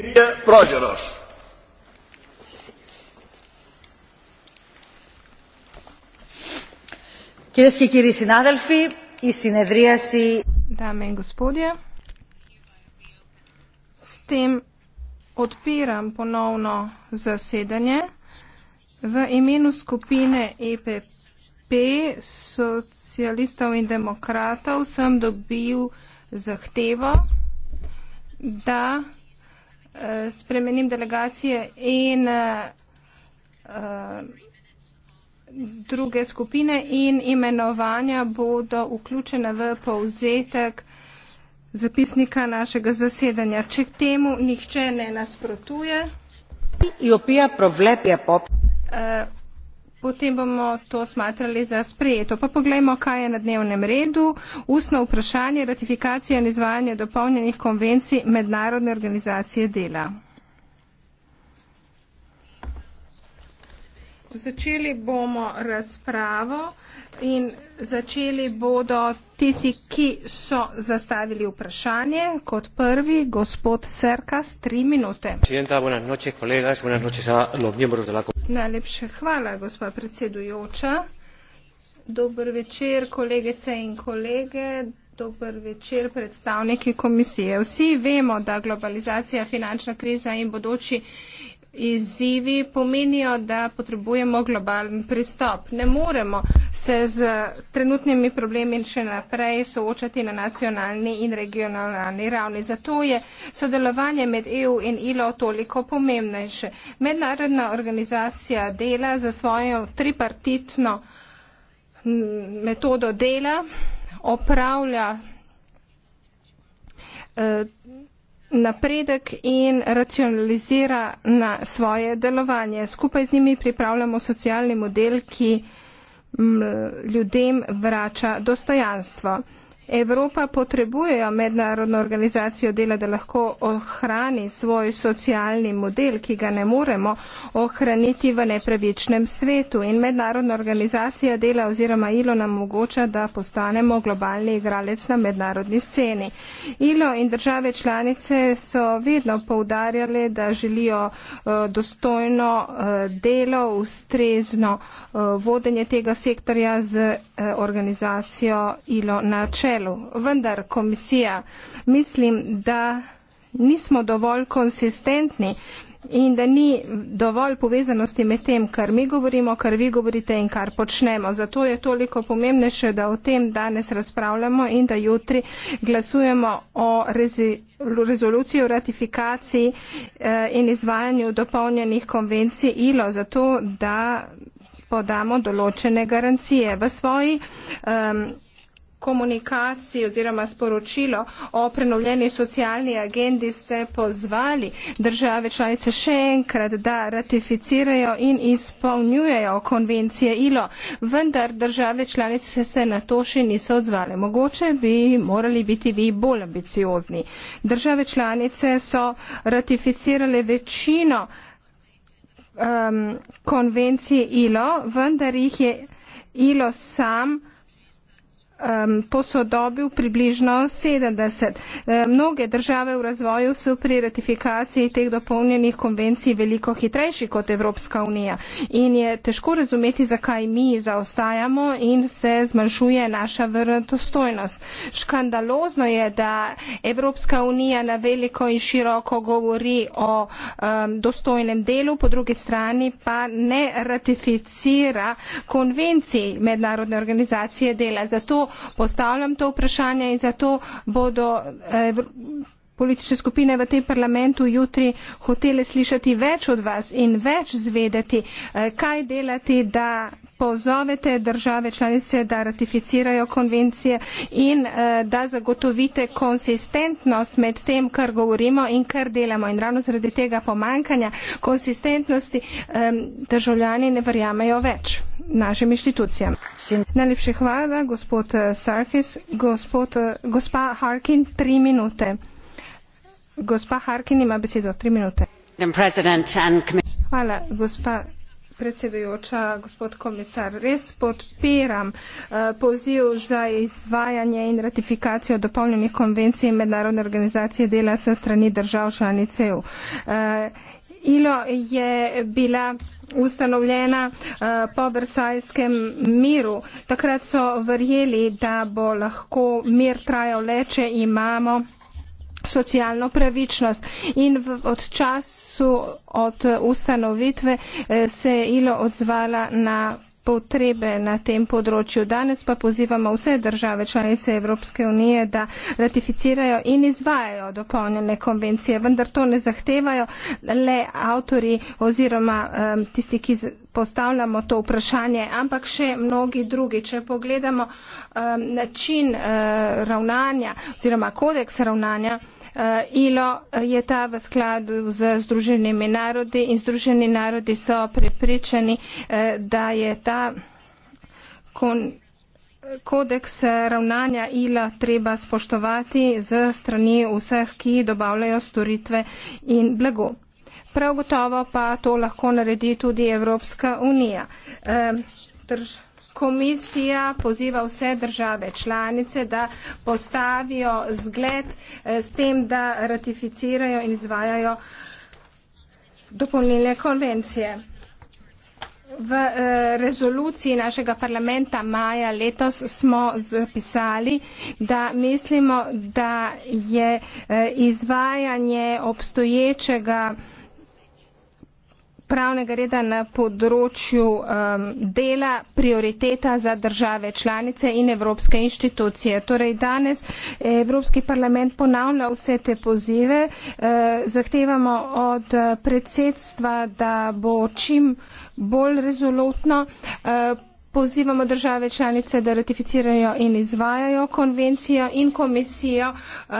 κυρία Πρόγερος. Κυρίε και κύριοι συνάδελφοι, η συνεδρίαση... Δάμε γκοσπούδια. Στην отпирам поновно заседање во имену скупине ЕПП социјалистов и демократов сам добил захтева да Eh, spremenim delegacije in eh, eh, druge skupine in imenovanja bodo vključene v povzetek zapisnika našega zasedanja. Če temu nihče ne nasprotuje, Uh, potem bomo to smatrali za sprejeto. Pa pogledajmo, kaj je na dnevnem redu. Ustno vprašanje, ratifikacija in izvajanje dopolnjenih konvencij Mednarodne organizacije dela. Začeli bomo razpravo in začeli bodo tisti, ki so zastavili vprašanje. Kot prvi, gospod Serkas, tri minute. Presidenta, buenas noches, kolegas, buenas noches a los miembros de la... Najlepša hvala, gospa predsedujoča. Dobro večer, kolegice in kolege. Dober večer, predstavniki komisije. Vsi vemo, da globalizacija, finančna kriza in bodoči izzivi pomenijo, da potrebujemo globalen pristop. Ne moremo se z trenutnimi problemi še naprej soočati na nacionalni in regionalni ravni. Zato je sodelovanje med EU in ILO toliko pomembnejše. Mednarodna organizacija dela za svojo tripartitno metodo dela, opravlja eh, napredek in racionalizira na svoje delovanje. Skupaj z njimi pripravljamo socialni model, ki ljudem vrača dostojanstvo. Evropa potrebuje mednarodno organizacijo dela, da lahko ohrani svoj socialni model, ki ga ne moremo ohraniti v nepravičnem svetu. In mednarodna organizacija dela oziroma ILO nam omogoča, da postanemo globalni igralec na mednarodni sceni. ILO in države članice so vedno poudarjali, da želijo eh, dostojno eh, delo, ustrezno eh, vodenje tega sektorja z organizacijo ILO na čelu delu, vendar komisija, mislim, da nismo dovolj konsistentni in da ni dovolj povezanosti med tem, kar mi govorimo, kar vi govorite in kar počnemo. Zato je toliko pomembnejše, da o tem danes razpravljamo in da jutri glasujemo o rezoluciji o ratifikaciji eh, in izvajanju dopolnjenih konvencij ILO, zato da podamo določene garancije. V svoji um, komunikaciji oziroma sporočilo o prenovljeni socialni agendi ste pozvali države članice še enkrat, da ratificirajo in izpolnjujejo konvencije ILO, vendar države članice se na to še niso odzvale. Mogoče bi morali biti vi bolj ambiciozni. Države članice so ratificirale večino um, konvencije ILO, vendar jih je ILO sam ratificiral um, posodobil približno 70. E, um, mnoge države v razvoju so pri ratifikaciji teh dopolnjenih konvencij veliko hitrejši kot Evropska unija in je težko razumeti, zakaj mi zaostajamo in se zmanjšuje naša vrnotostojnost. Škandalozno je, da Evropska unija na veliko in široko govori o um, dostojnem delu, po drugi strani pa ne ratificira konvencij mednarodne organizacije dela. Zato postavljam to vprašanje in zato bodo ev, eh, politične skupine v tem parlamentu jutri hotele slišati več od vas in več zvedeti, eh, kaj delati, da pozovete države članice, da ratificirajo konvencije in eh, da zagotovite konsistentnost med tem, kar govorimo in kar delamo. In ravno zaradi tega pomankanja konsistentnosti državljani ne verjamejo več našim inštitucijam. Najlepše hvala, gospod eh, Sarfis. Gospod, gospa Harkin, tri minute. Gospa Harkin ima besedo, tri minute. Hvala, gospa predsedujoča, gospod komisar. Res podpiram uh, poziv za izvajanje in ratifikacijo dopolnjenih konvencij Mednarodne organizacije dela se strani držav članicev. Uh, ILO je bila ustanovljena uh, po Versajskem miru. Takrat so verjeli, da bo lahko mir trajal le, če imamo socijalno pravičnost. In v, od času, od ustanovitve eh, se je ILO odzvala na potrebe na tem področju. Danes pa pozivamo vse države članice Evropske unije, da ratificirajo in izvajajo dopolnjene konvencije, vendar to ne zahtevajo le avtori oziroma um, tisti, ki postavljamo to vprašanje, ampak še mnogi drugi. Če pogledamo um, način uh, ravnanja oziroma kodeks ravnanja, Eh, ILO je ta v skladu z Združenimi narodi in Združeni narodi so prepričani, eh, da je ta kon kodeks ravnanja ILA treba spoštovati z strani vseh, ki dobavljajo storitve in blago. Prav gotovo pa to lahko naredi tudi Evropska unija. Eh, drž, komisija poziva vse države članice, da postavijo zgled eh, s tem, da ratificirajo in izvajajo dopolnilne konvencije. V eh, rezoluciji našega parlamenta maja letos smo zapisali, da mislimo, da je eh, izvajanje obstoječega pravnega reda na področju um, dela prioriteta za države članice in evropske inštitucije. Torej danes Evropski parlament ponavlja vse te pozive. Uh, zahtevamo od uh, predsedstva, da bo čim bolj rezolutno. Uh, Pozivamo države članice, da ratificirajo in izvajajo konvencijo in komisijo. Uh,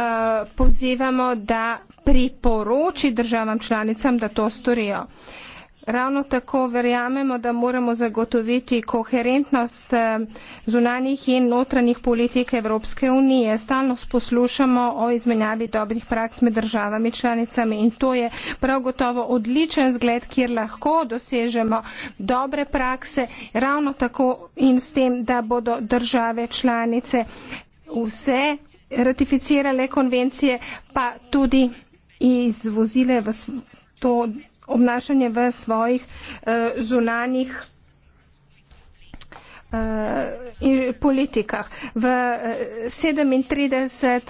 pozivamo, da priporoči državam članicam, da to storijo. Uh, Ravno tako verjamemo, da moramo zagotoviti koherentnost eh, zunanjih in notranjih politik Evropske unije. Stalno poslušamo o izmenjavi dobrih praks med državami članicami in to je prav gotovo odličen zgled, kjer lahko dosežemo dobre prakse, ravno tako in s tem, da bodo države članice vse ratificirale konvencije, pa tudi izvozile v to obnašanje v svojih uh, eh, zunanih eh, in politikah. V 37 eh,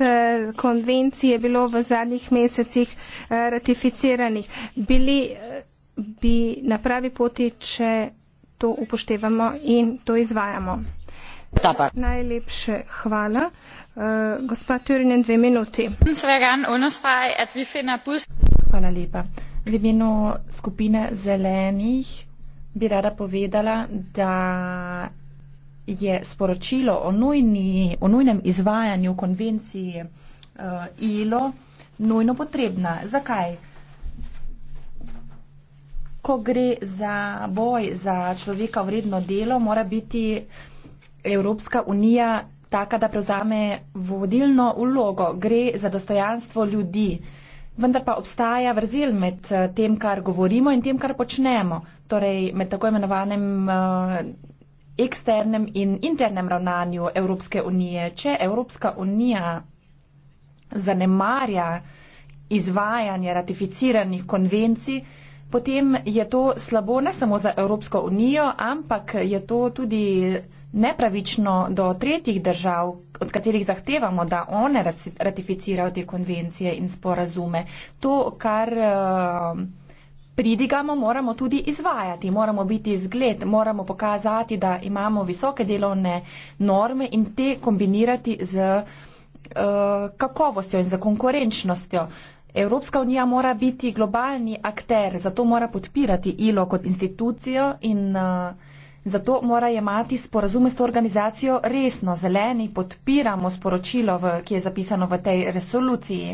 konvencij je bilo v zadnjih mesecih ratificiranih. Bili bi na pravi poti, če to upoštevamo in to izvajamo. Dobar. Najlepše hvala. Gospa Turinen, dve minuti. Hvala lepa. V imenu skupine zelenih bi rada povedala, da je sporočilo o, nujni, o nujnem izvajanju konvencije uh, ILO nujno potrebna. Zakaj? Ko gre za boj za človeka vredno delo, mora biti Evropska unija taka, da prevzame vodilno ulogo. Gre za dostojanstvo ljudi. Uh, vendar pa obstaja vrzel med eh, tem, kar govorimo in tem, kar počnemo, torej med tako imenovanem eh, eksternem in internem ravnanju Evropske unije. Če Evropska unija zanemarja izvajanje ratificiranih konvencij, potem je to slabo ne samo za Evropsko unijo, ampak je to tudi slabo nepravično do tretjih držav, od katerih zahtevamo, da one ratificirajo te konvencije in sporazume. To, kar eh, pridigamo, moramo tudi izvajati, moramo biti zgled, moramo pokazati, da imamo visoke delovne norme in te kombinirati z eh, kakovostjo in z konkurenčnostjo. Evropska unija mora biti globalni akter, zato mora podpirati ILO kot institucijo in uh, Zato mora imati sporazume s to organizacijo resno. Zeleni podpiramo sporočilo, v, ki je zapisano v tej resoluciji.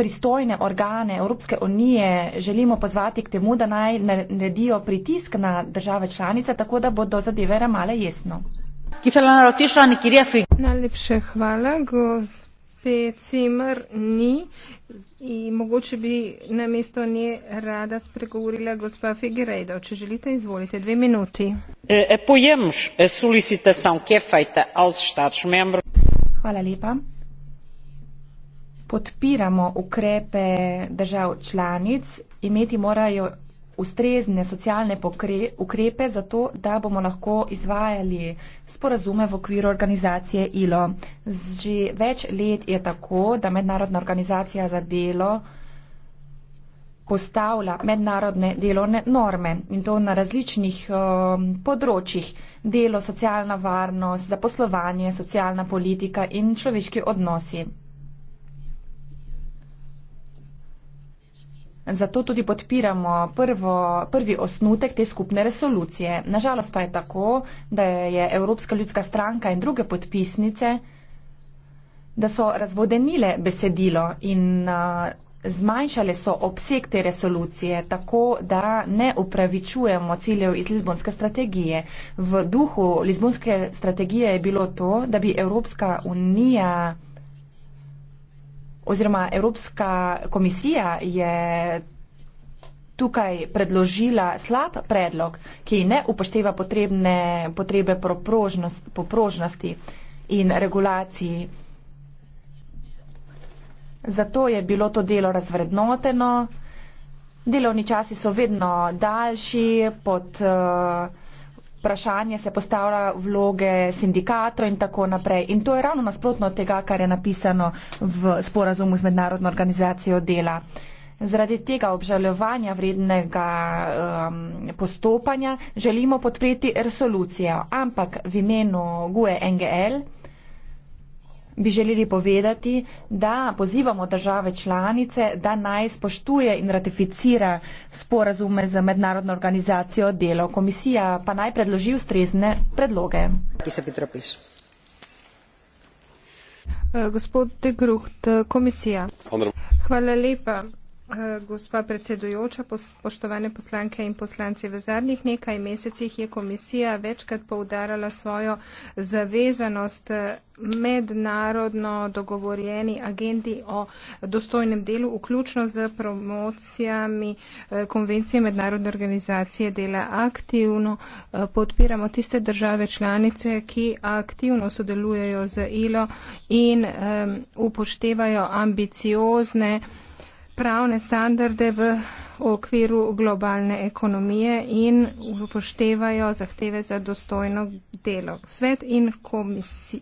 Pristojne organe Evropske unije želimo pozvati k temu, da naj naredijo pritisk na države članice, tako da bodo zadeve ramale jasno. Najlepše hvala, gospod gospe Cimer ni in mogoče bi na mesto nje rada spregovorila gospa Figueiredo. Če želite, izvolite dve minuti. Eh, eh, eh, Hvala lepa. Podpiramo ukrepe držav članic, imeti morajo ustrezne socialne pokre, ukrepe za to, da bomo lahko izvajali sporazume v okviru organizacije ILO. Že več let je tako, da mednarodna organizacija za delo postavlja mednarodne delovne norme in to na različnih um, področjih. Delo, socialna varnost, zaposlovanje, socialna politika in človeški odnosi. Zato tudi podpiramo prvo, prvi osnutek te skupne resolucije. Nažalost pa je tako, da je Evropska ljudska stranka in druge podpisnice, da so razvodenile besedilo in uh, zmanjšale so obseg te resolucije, tako da ne upravičujemo ciljev iz Lizbonske strategije. V duhu Lizbonske strategije je bilo to, da bi Evropska unija oziroma Evropska komisija je tukaj predložila slab predlog, ki ne upošteva potrebne potrebe poprožnosti in regulaciji. Zato je bilo to delo razvrednoteno. Delovni časi so vedno daljši pod uh, vprašanje se postavlja vloge sindikatov in tako naprej. In to je ravno nasprotno od tega, kar je napisano v sporazumu z Mednarodno organizacijo dela. Zaradi tega obžalovanja vrednega um, postopanja želimo podpreti resolucijo, ampak v imenu GUE NGL bi želeli povedati, da pozivamo države članice, da naj spoštuje in ratificira sporazume z mednarodno organizacijo delo. Komisija pa naj predloži ustrezne predloge. Gospod de Grucht, komisija. Hvala lepa. Gospa predsedujoča, spoštovane poslanke in poslanci, v zadnjih nekaj mesecih je komisija večkrat poudarjala svojo zavezanost eh, mednarodno dogovorjeni agendi o dostojnem delu, vključno z promocijami eh, konvencije mednarodne organizacije dela. Aktivno eh, podpiramo tiste države članice, ki aktivno sodelujejo z ILO in upoštevajo ambiciozne pravne standarde v okviru globalne ekonomije in upoštevajo zahteve za dostojno delo. Svet in,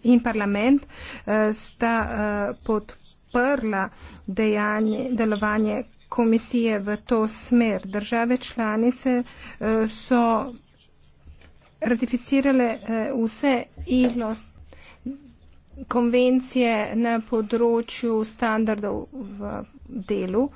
in parlament uh, sta uh, podprla dejanje, delovanje komisije v to smer. Države članice uh, so ratificirale uh, vse iglost konvencije na področju standardov v delu.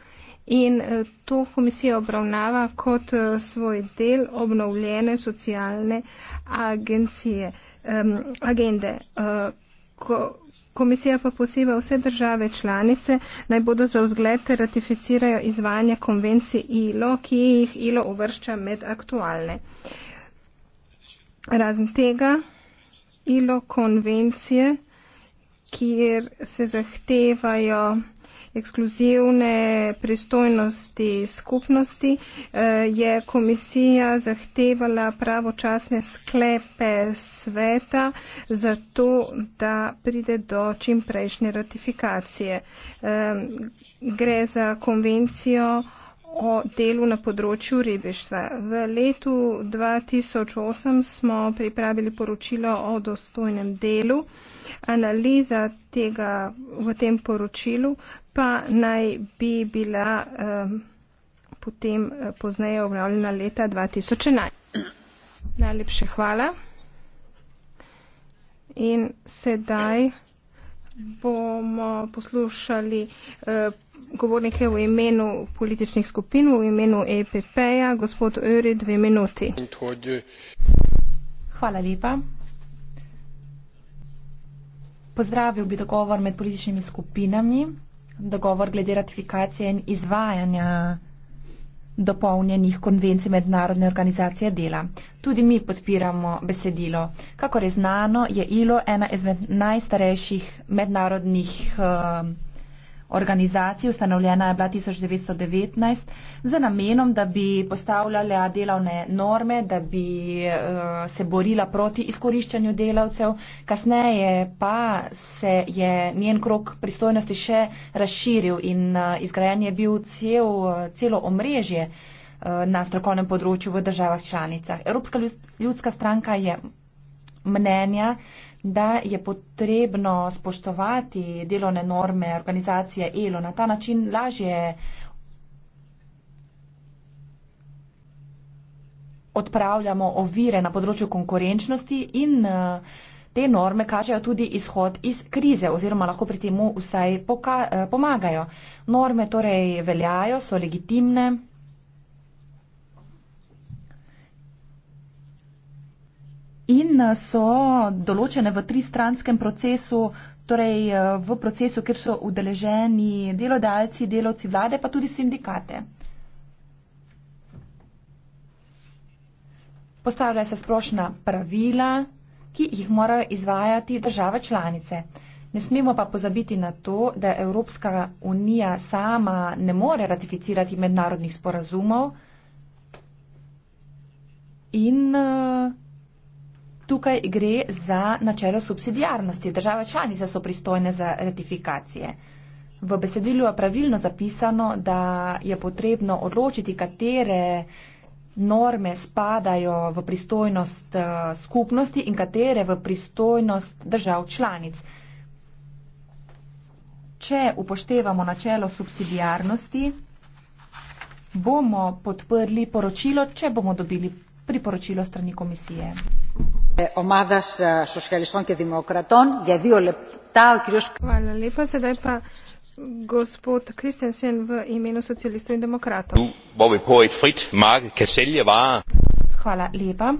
In eh, to komisija obravnava kot eh, svoj del obnovljene socialne agencije, um, agende. Uh, ko, komisija pa poseba vse države članice, naj bodo za vzgled te ratificirajo izvajanje konvencije ILO, ki jih ILO uvršča med aktualne. Razen tega ILO konvencije, kjer se zahtevajo ekskluzivne pristojnosti skupnosti, eh, je komisija zahtevala pravočasne sklepe sveta za to, da pride do čim prejšnje ratifikacije. Eh, gre za konvencijo o delu na področju ribištva. V letu 2008 smo pripravili poročilo o dostojnem delu. Analiza tega v tem poročilu pa naj bi bila um, potem eh, pozneje obravljena leta 2011. Najlepše hvala. In sedaj bomo poslušali uh, govornike v imenu političnih skupin, v imenu EPP-ja, gospod Öri, dve minuti. Hvala lepa. Pozdravil bi dogovor med političnimi skupinami, dogovor glede ratifikacije in izvajanja dopolnjenih konvencij mednarodne organizacije dela. Tudi mi podpiramo besedilo. Kakor je znano, je ILO ena izmed najstarejših mednarodnih uh, organizacij. Ustanovljena je bila 1919 za namenom, da bi postavljala delovne norme, da bi eh, se borila proti izkoriščanju delavcev. Kasneje pa se je njen krok pristojnosti še razširil in eh, izgrajen je bil cel, eh, celo omrežje na strokovnem področju v državah članicah. Evropska ljudska stranka je mnenja, da je potrebno spoštovati delovne norme organizacije ELO. Na ta način lažje odpravljamo ovire na področju konkurenčnosti in eh, te norme kažejo tudi izhod iz krize oziroma lahko pri temu vsaj eh, pomagajo. Norme torej veljajo, so legitimne. in eh, so določene v tristranskem procesu, torej eh, v procesu, kjer so udeleženi delodajalci, delovci vlade, pa tudi sindikate. Postavljajo se splošna pravila, ki jih morajo izvajati države članice. Ne smemo pa pozabiti na to, da Evropska unija sama ne more ratificirati mednarodnih sporazumov in uh, tukaj gre za načelo subsidijarnosti. Države članice so pristojne za ratifikacije. V besedilu je pravilno zapisano, da je potrebno odločiti, katere norme spadajo v pristojnost eh, skupnosti in katere v pristojnost držav članic. Če upoštevamo načelo subsidijarnosti, bomo podprli poročilo, če bomo dobili priporočilo strani komisije ομάδας Σοσιαλιστών και Δημοκρατών για δύο λεπτά ο κύριος Βάλα λίπα, σε δέπα Γκοσπότ Κρίστενσεν βε ημένου Σοσιαλιστού και Δημοκράτων Βόβ υπό ετ φρίτ μάρκ και σέλια βά Βάλα λίπα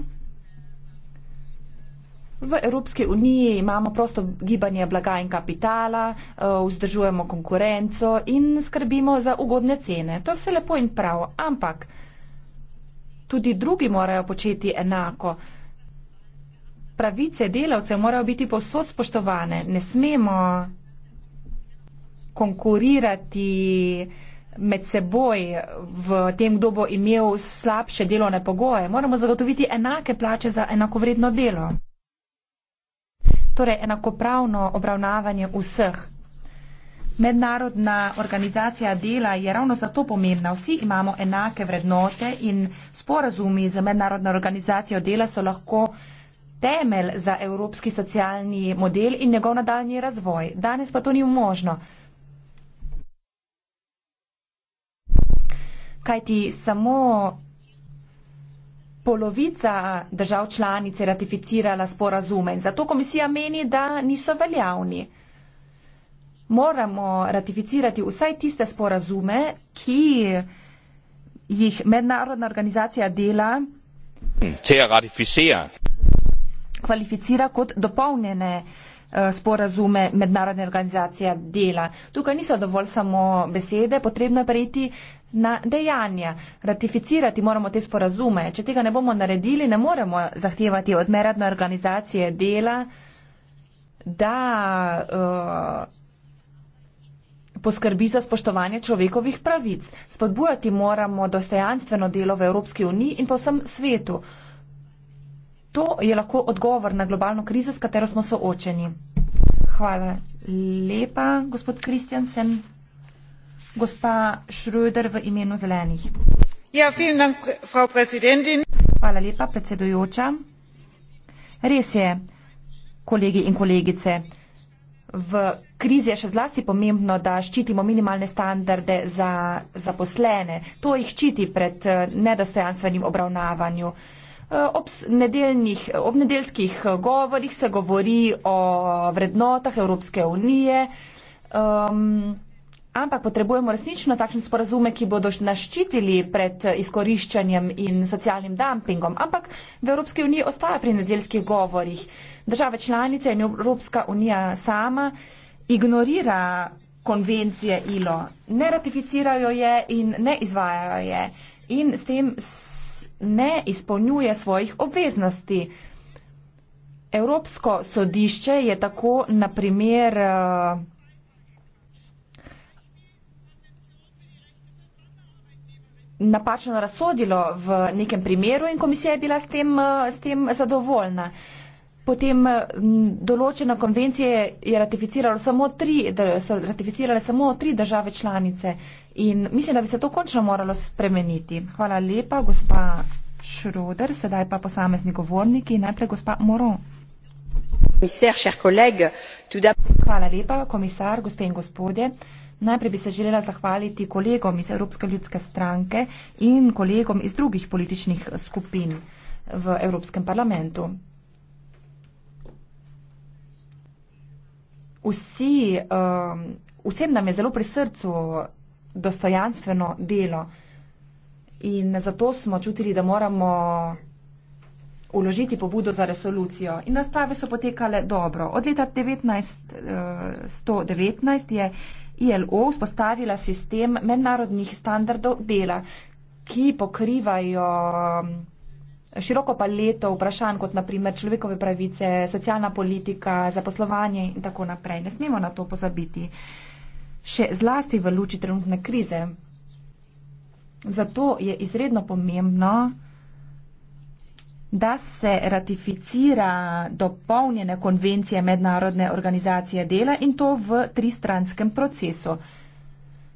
V Evropski uniji imamo prosto gibanje blaga in kapitala, eh, vzdržujemo konkurenco in skrbimo za ugodne cene. To je vse lepo in prav, ampak tudi drugi morajo početi enako pravice delavcev morajo biti posod spoštovane. Ne smemo konkurirati med seboj v tem, kdo bo imel slabše delovne pogoje. Moramo zagotoviti enake plače za enakovredno delo. Torej enakopravno obravnavanje vseh. Mednarodna organizacija dela je ravno zato pomembna. Vsi imamo enake vrednote in sporazumi za mednarodno organizacijo dela so lahko temelj za evropski socialni model in njegov nadaljni razvoj. Danes pa to ni možno. Kajti samo polovica držav članic je ratificirala sporazume in zato komisija meni, da niso veljavni. Moramo ratificirati vsaj tiste sporazume, ki jih mednarodna organizacija dela. Til at ratificere kvalificira kot dopolnjene eh, sporazume mednarodne organizacije dela. Tukaj niso dovolj samo besede, potrebno je prejti na dejanja. Ratificirati moramo te sporazume. Če tega ne bomo naredili, ne moremo zahtevati od mednarodne organizacije dela, da uh, poskrbi za spoštovanje človekovih pravic. Spodbujati moramo dostojanstveno delo v Evropski uniji in po vsem svetu. Uh, to je lahko odgovor na globalno krizo, s katero smo soočeni. Hvala lepa, gospod Kristjansen. Gospa Šröder v imenu zelenih. Ja, dank, frau Hvala lepa, predsedujoča. Res je, kolegi in kolegice, v krizi je še zlasti pomembno, da ščitimo minimalne standarde za zaposlene. To jih ščiti pred eh, nedostojanstvenim obravnavanju. Ob nedeljnih, ob nedeljskih eh, govorih se govori o vrednotah Evropske unije, um, ampak potrebujemo resnično takšne sporazume, ki bodo naščitili pred izkoriščanjem in socialnim dumpingom. Ampak v Evropski uniji ostaja pri nedeljskih govorih. Države članice in Evropska unija sama ignorira konvencije ILO, ne ratificirajo je in ne izvajajo je. In s tem ne izpolnjuje svojih obveznosti. Evropsko sodišče je tako na primer eh, napačno razsodilo v nekem primeru in komisija je bila s tem, eh, s tem zadovoljna. Potem eh, določene konvencije je ratificiralo samo tri, so ratificirale samo tri države članice in mislim, da bi se to končno moralo spremeniti. Hvala lepa, gospa Šruder, sedaj pa posamezni govorniki, najprej gospa Moron. Hvala lepa, komisar, gospe in gospodje. Najprej bi se želela zahvaliti kolegom iz Evropske ljudske stranke in kolegom iz drugih političnih skupin v Evropskem parlamentu. vsi, um, vsem nam je zelo pri srcu dostojanstveno delo in zato smo čutili, da moramo uložiti pobudo za resolucijo. In razprave so potekale dobro. Od leta 1919 eh, je ILO vzpostavila sistem mednarodnih standardov dela, ki pokrivajo široko paleto vprašanj, kot naprimer človekove pravice, socialna politika, zaposlovanje in tako naprej. Ne smemo na to pozabiti. Še zlasti v luči trenutne krize. Zato je izredno pomembno, da se ratificira dopolnjene konvencije mednarodne organizacije dela in to v tristranskem procesu.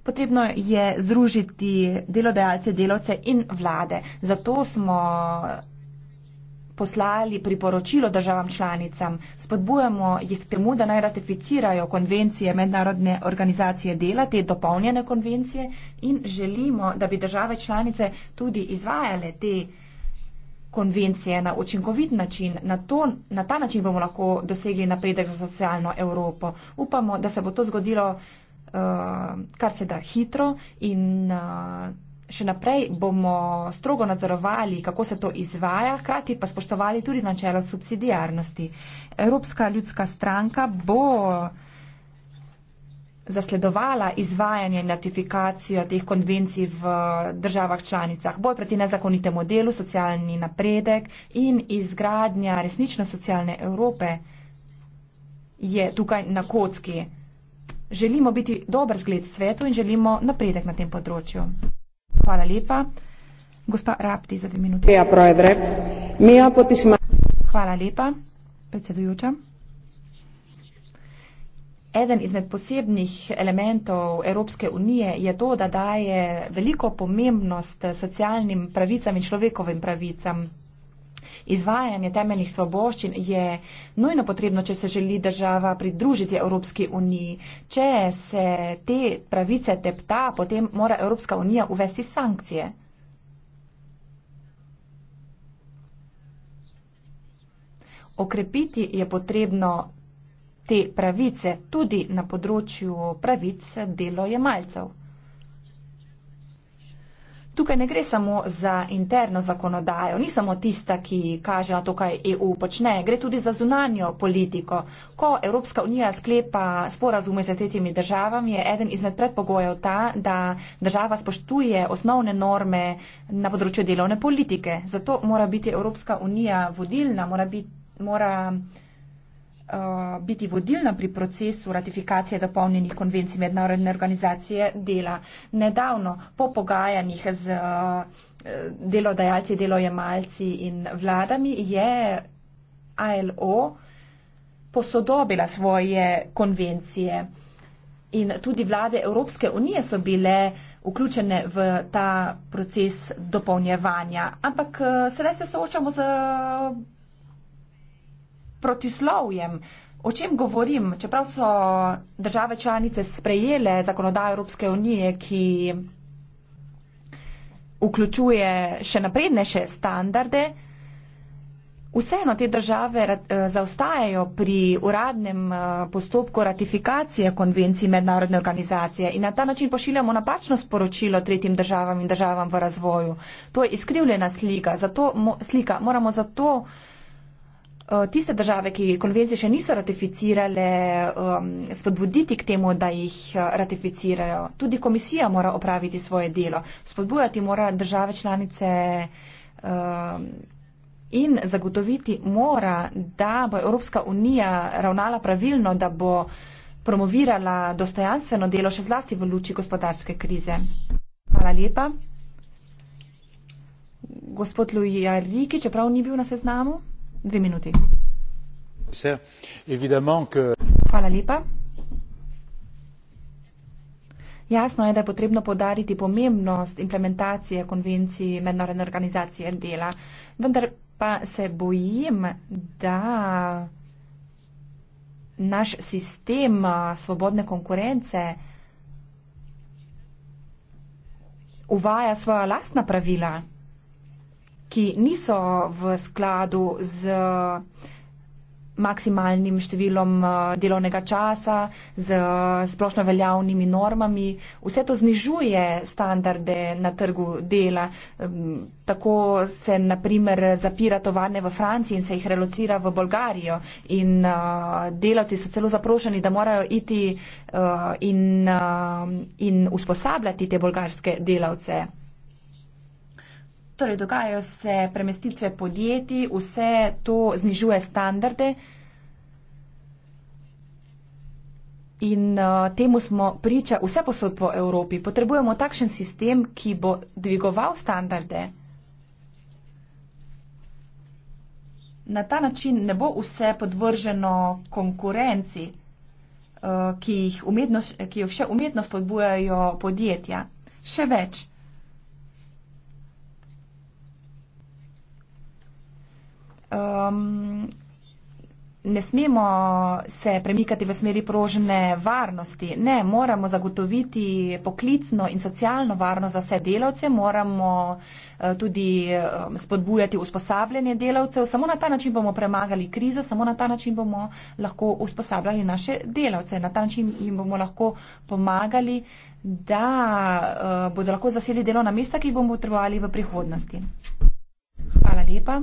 Potrebno je združiti delodajalce, delovce in vlade. Zato smo poslali priporočilo državam članicam. Spodbujamo jih k temu, da naj ratificirajo konvencije mednarodne organizacije dela, te dopolnjene konvencije in želimo, da bi države članice tudi izvajale te konvencije na učinkovit način. Na, to, na ta način bomo lahko dosegli napredek za socialno Evropo. Upamo, da se bo to zgodilo uh, kar se da hitro in uh, še naprej bomo strogo nadzorovali, kako se to izvaja, hkrati pa spoštovali tudi načelo subsidijarnosti. Evropska ljudska stranka bo zasledovala izvajanje in ratifikacijo teh konvencij v državah članicah. Boj proti nezakonitemu delu, socialni napredek in izgradnja resnično socialne Evrope je tukaj na kocki želimo biti dober zgled svetu in želimo napredek na tem področju. Hvala lepa. Gospa Rapti za dve minute. Ja, Hvala lepa, predsedujoča. Eden izmed posebnih elementov Evropske unije je to, da daje veliko pomembnost socialnim pravicam in človekovim pravicam. Izvajanje temeljnih svoboščin je nujno potrebno, če se želi država pridružiti Evropski uniji. Če se te pravice tepta, potem mora Evropska unija uvesti sankcije. Okrepiti je potrebno te pravice tudi na področju pravic delojemalcev. Tukaj ne gre samo za interno zakonodajo, ni samo tista, ki kaže na to, kaj EU počne, gre tudi za zunanjo politiko. Ko Evropska unija sklepa sporazume z tretjimi državami, je eden izmed predpogojev ta, da država spoštuje osnovne norme na področju delovne politike. Zato mora biti Evropska unija vodilna, mora biti. Mora Eh, biti vodilna pri procesu ratifikacije dopolnjenih konvencij mednarodne organizacije dela. Nedavno po pogajanjih z eh, delodajalci, delojemalci in vladami je ALO posodobila svoje konvencije in tudi vlade Evropske unije so bile vključene v ta proces dopolnjevanja. Ampak eh, sedaj se soočamo z protislovjem. O čem govorim? Čeprav so države članice sprejele zakonodajo Evropske unije, ki vključuje še naprednejše standarde, vseeno te države eh, zaostajajo pri uradnem eh, postopku ratifikacije konvencij mednarodne organizacije in na ta način pošiljamo napačno sporočilo tretjim državam in državam v razvoju. To je izkrivljena slika, zato, slika. moramo zato Eh, tiste države, ki konvencije še niso ratificirale, um, spodbuditi k temu, da jih eh, ratificirajo. Tudi komisija mora opraviti svoje delo. Spodbujati mora države članice um, in zagotoviti mora, da bo Evropska unija ravnala pravilno, da bo promovirala dostojanstveno delo še zlasti v luči gospodarske krize. Hvala lepa. Gospod Luija Riki, čeprav ni bil na seznamu dve minuti. Hvala lepa. Jasno je, da je potrebno podariti pomembnost implementacije konvencije mednarodne organizacije dela, vendar pa se bojim, da naš sistem svobodne konkurence uvaja svoja lastna pravila ki niso v skladu z maksimalnim številom eh, delovnega časa, z eh, splošno veljavnimi normami. Vse to znižuje standarde na trgu dela. Tako se, na primer, zapira tovarne v Franciji in se jih relocira v Bolgarijo. In eh, delavci so celo zaprošeni, da morajo iti in, in usposabljati te bolgarske delavce. Torej, dogajajo se premestitve podjetij, vse to znižuje standarde. In uh, temu smo priča vse posod po Evropi. Potrebujemo takšen sistem, ki bo dvigoval standarde. Na ta način ne bo vse podvrženo konkurenci, uh, ki, jih umetnost, ki jih še umetno spodbujajo podjetja. Še več. Um, Ne smemo se premikati v smeri prožne varnosti. Ne, moramo zagotoviti poklicno in socialno varnost za vse delavce, moramo eh, tudi spodbujati usposabljanje delavcev. Samo na ta način bomo premagali krizo, samo na ta način bomo lahko usposabljali naše delavce, na ta način jim bomo lahko pomagali, da eh, bodo lahko zasedli delovna mesta, ki jih bomo potrebovali v prihodnosti. Hvala lepa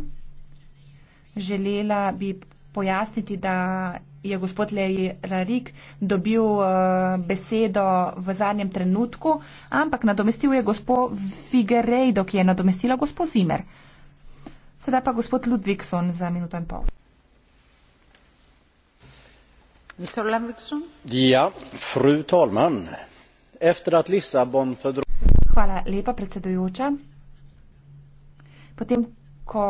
želela bi pojasniti, da je gospod Lej Rarik dobil eh, besedo v zadnjem trenutku, ampak nadomestil je gospod Figerejdo, ki je nadomestila gospod Zimer. Sedaj pa gospod Ludvikson za minuto in pol. Ja, fru talman. Hvala lepa, predsedujoča. Potem, ko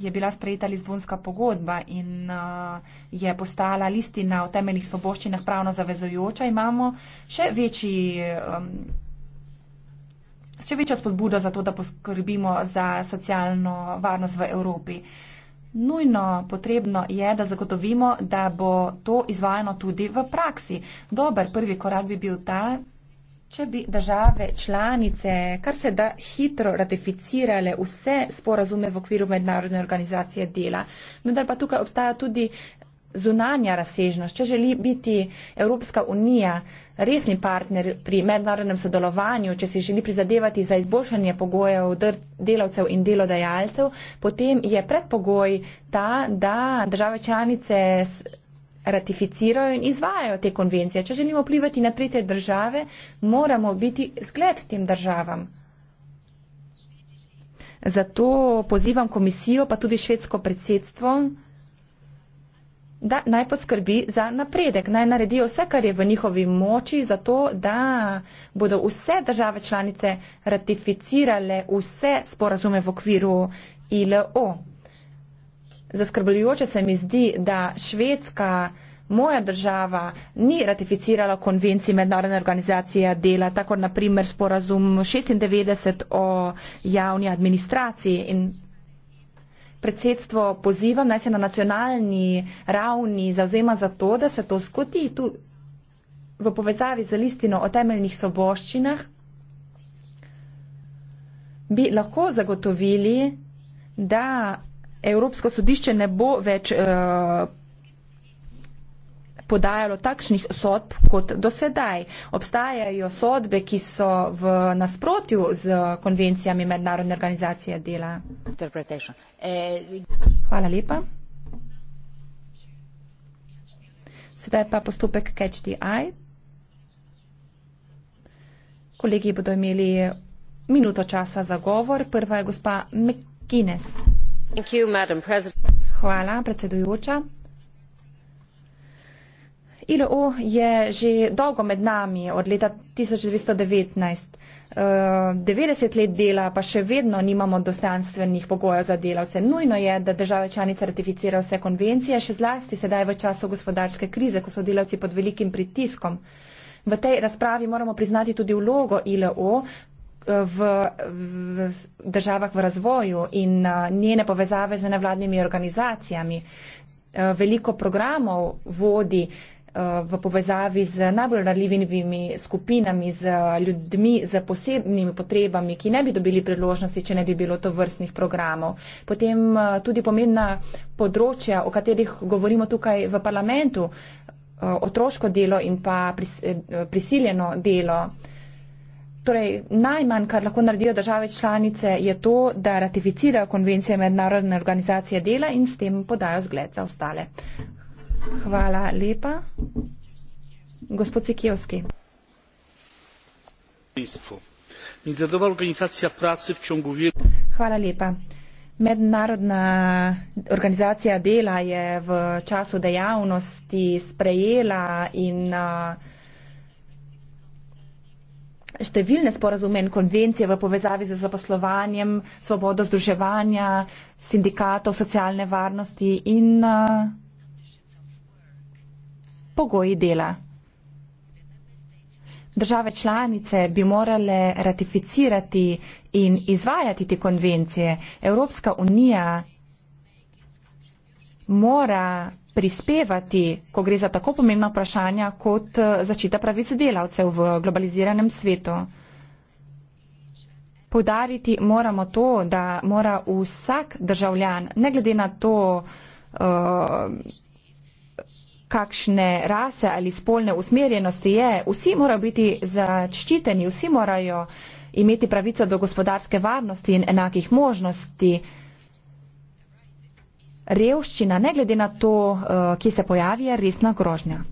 je bila sprejeta Lizbonska pogodba in uh, je postala listina o temeljnih svoboščinah pravno zavezojoča, imamo še, večji, um, še večjo spodbudo za to, da poskrbimo za socialno varnost v Evropi. Nujno potrebno je, da zagotovimo, da bo to izvajano tudi v praksi. Dober prvi korak bi bil ta, Če bi države članice kar se da hitro ratificirale vse sporazume v okviru mednarodne organizacije dela, vendar pa tukaj obstaja tudi zunanja razsežnost. Če želi biti Evropska unija resni partner pri mednarodnem sodelovanju, če si želi prizadevati za izboljšanje pogojev delavcev in delodajalcev, potem je predpogoj ta, da države članice ratificirajo in izvajajo te konvencije. Če želimo vplivati na tretje države, moramo biti zgled tem državam. Zato pozivam komisijo, pa tudi švedsko predsedstvo, da naj poskrbi za napredek, naj naredijo vse, kar je v njihovi moči, zato da bodo vse države članice ratificirale vse sporazume v okviru ILO. Zaskrbljujoče se mi zdi, da Švedska, moja država, ni ratificirala konvencije mednarodne organizacije dela, tako naprimer sporazum 96 o javni administraciji in predsedstvo poziva, naj se na nacionalni ravni zavzema za to, da se to zgodi tu v povezavi z listino o temeljnih soboščinah, bi lahko zagotovili, da Evropsko sodišče ne bo več eh, podajalo takšnih sodb kot dosedaj. Obstajajo sodbe, ki so v nasprotju z konvencijami Mednarodne organizacije dela. Eh, Hvala lepa. Sedaj pa postopek Catch the Eye. Kolegi bodo imeli minuto časa za govor. Prva je gospa McGuinness. Hvala, predsedujoča. ILO je že dolgo med nami, od leta 1919. 90 eh, let dela pa še vedno nimamo dostanstvenih pogojev za delavce. Nujno je, da države članice ratificirajo vse konvencije, še zlasti sedaj v času gospodarske krize, ko so delavci pod velikim pritiskom. V tej razpravi moramo priznati tudi vlogo ILO, v, v državah v razvoju in njene povezave z nevladnimi organizacijami. E, veliko programov vodi e, v povezavi z najbolj ranljivimi skupinami, z ljudmi z posebnimi potrebami, ki ne bi dobili priložnosti, če ne bi bilo to vrstnih programov. Potem tudi pomembna področja, o katerih govorimo tukaj v parlamentu, e, otroško delo in pa prisiljeno delo. Torej, najmanj, kar lahko naredijo države članice, je to, da ratificirajo konvencije mednarodne organizacije dela in s tem podajo zgled za ostale. Hvala lepa. Gospod Sikijovski. Hvala lepa. Mednarodna organizacija dela je v času dejavnosti sprejela in uh, številne sporazume in konvencije v povezavi z zaposlovanjem, svobodo združevanja, sindikatov, socialne varnosti in uh, pogoji dela. Države članice bi morale ratificirati in izvajati te konvencije. Evropska unija mora prispevati, ko gre za tako pomembna vprašanja, kot eh, začita pravice delavcev v globaliziranem svetu. Povdariti moramo to, da mora vsak državljan, ne glede na to, uh, kakšne rase ali spolne usmerjenosti je, vsi morajo biti zaščiteni, vsi morajo imeti pravico do gospodarske varnosti in enakih možnosti revščina, ne glede na to, eh, ki se pojavi, je resna grožnja.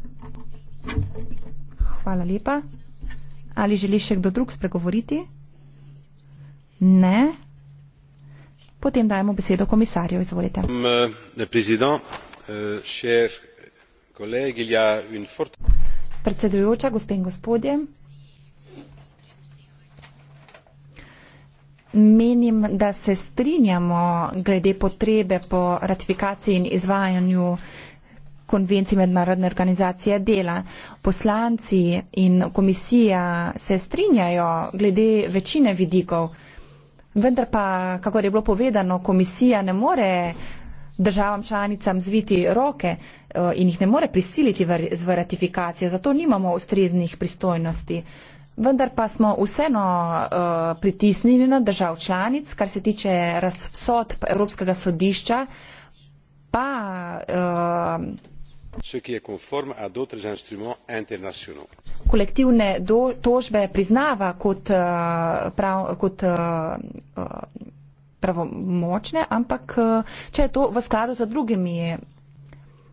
Hvala lepa. Ali želi še kdo drug spregovoriti? Ne. Potem dajemo besedo komisarju. Izvolite. Euh, Predsedujoča, gospe in gospodje. Menim, da se strinjamo glede potrebe po ratifikaciji in izvajanju konvencije mednarodne organizacije dela. Poslanci in komisija se strinjajo glede večine vidikov, vendar pa, kako je bilo povedano, komisija ne more državam članicam zviti roke eh, in jih ne more prisiliti v ratifikacijo, zato nimamo ustreznih pristojnosti. Vendar pa smo vseeno uh, pritisnili na držav članic, kar se tiče razsodb Evropskega sodišča, pa. Uh, kolektivne do, tožbe priznava kot, uh, prav, kot uh, pravomočne, ampak uh, če je to v skladu z drugimi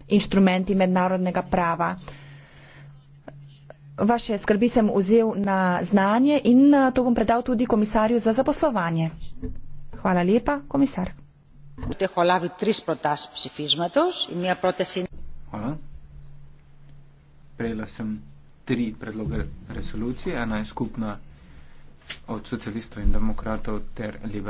inštrumenti mednarodnega prava. Uh, vaše skrbi sem vzel na znanje in eh, to bom predal tudi komisarju za zaposlovanje. Hvala lepa, komisar. Hvala. Prejela sem tri predloge resolucije, ena je skupna od socialistov in demokratov ter liberalnih.